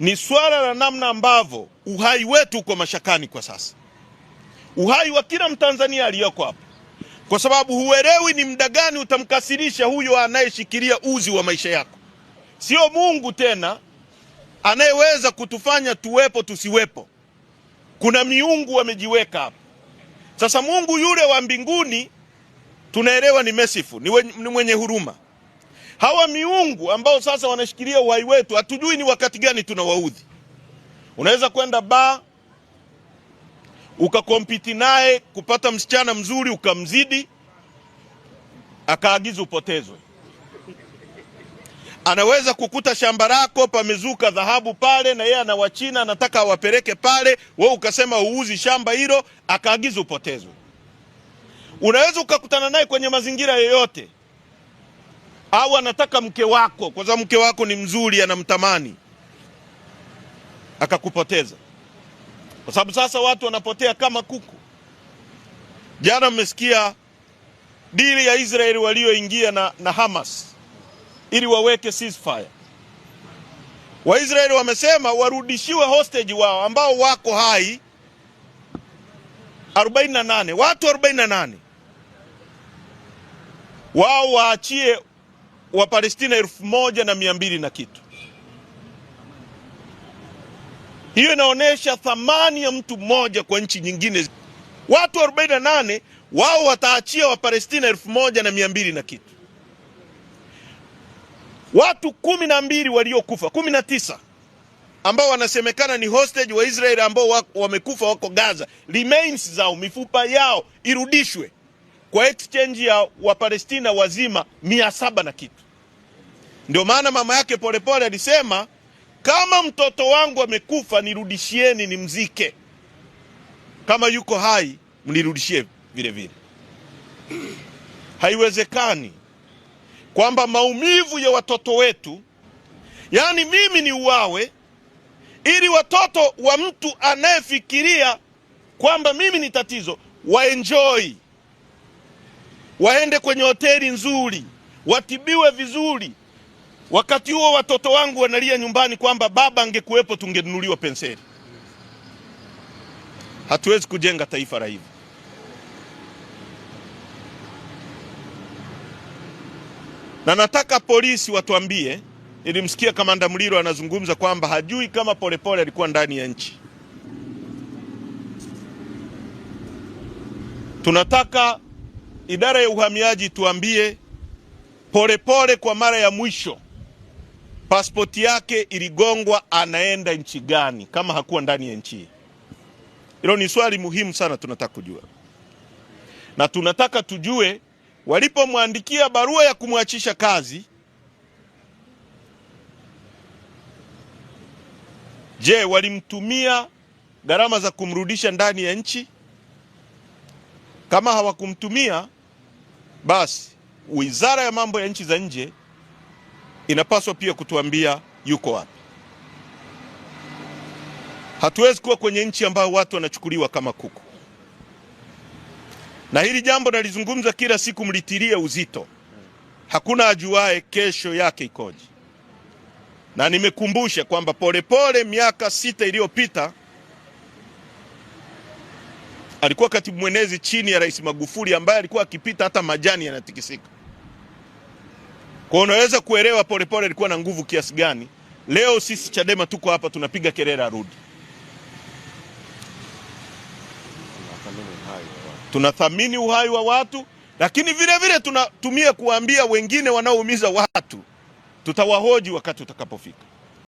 ni swala la namna ambavyo uhai wetu uko mashakani kwa sasa, uhai wa kila mtanzania aliyoko hapa, kwa sababu huelewi ni muda gani utamkasirisha huyo anayeshikilia uzi wa maisha yako. Sio Mungu tena anayeweza kutufanya tuwepo tusiwepo. Kuna miungu wamejiweka hapa. Sasa Mungu yule wa mbinguni tunaelewa ni mesifu, ni mwenye huruma Hawa miungu ambao sasa wanashikilia uhai wetu, hatujui ni wakati gani tunawaudhi. Unaweza kwenda ba ukakompiti naye kupata msichana mzuri ukamzidi, akaagiza upotezwe. Anaweza kukuta shamba lako pamezuka dhahabu pale, na yeye anawachina anataka awapeleke pale, wewe ukasema uuzi shamba hilo, akaagiza upotezwe. Unaweza ukakutana naye kwenye mazingira yoyote au anataka mke wako, kwa sababu mke wako ni mzuri, anamtamani akakupoteza, kwa sababu sasa watu wanapotea kama kuku. Jana mmesikia dili ya Israeli walioingia na, na Hamas ili waweke ceasefire. Waisraeli wamesema warudishiwe hostage wao ambao wako hai 48 watu 48 wao waachie Wapalestina elfu moja na mia mbili na kitu. Hiyo inaonyesha thamani ya mtu mmoja kwa nchi nyingine. Watu 48 wao wataachia Wapalestina elfu moja na mia mbili na kitu. Watu kumi na mbili waliokufa, kumi na tisa ambao wanasemekana ni hostage wa Israeli ambao wamekufa wako Gaza, remains zao, mifupa yao irudishwe kwa exchange ya Wapalestina wazima mia saba na kitu. Ndio maana mama yake Polepole alisema kama mtoto wangu amekufa nirudishieni nimzike, kama yuko hai mnirudishie vile vile. Haiwezekani kwamba maumivu ya watoto wetu, yaani mimi ni uwawe ili watoto wa mtu anayefikiria kwamba mimi ni tatizo waenjoy waende kwenye hoteli nzuri, watibiwe vizuri. Wakati huo watoto wangu wanalia nyumbani kwamba baba angekuwepo tungenunuliwa penseli. Hatuwezi kujenga taifa la hivi. Na nataka polisi watuambie. Nilimsikia Kamanda Mlilo anazungumza kwamba hajui kama Polepole alikuwa ndani ya nchi. Tunataka idara ya uhamiaji tuambie polepole pole, kwa mara ya mwisho pasipoti yake iligongwa, anaenda nchi gani kama hakuwa ndani ya nchi? Hilo ni swali muhimu sana, tunataka kujua na tunataka tujue walipomwandikia barua ya kumwachisha kazi, je, walimtumia gharama za kumrudisha ndani ya nchi? Kama hawakumtumia basi wizara ya mambo ya nchi za nje inapaswa pia kutuambia yuko wapi. Hatuwezi kuwa kwenye nchi ambayo watu wanachukuliwa kama kuku, na hili jambo nalizungumza kila siku, mlitilie uzito. Hakuna ajuae kesho yake ikoje, na nimekumbusha kwamba Polepole miaka sita iliyopita alikuwa katibu mwenezi chini ya Rais Magufuli ambaye alikuwa akipita hata majani yanatikisika. Kwa unaweza kuelewa Polepole alikuwa na nguvu kiasi gani. Leo sisi Chadema tuko hapa tunapiga kelele arudi. Tunathamini uhai wa watu, lakini vile vile tunatumia kuwaambia wengine wanaoumiza watu, tutawahoji wakati utakapofika.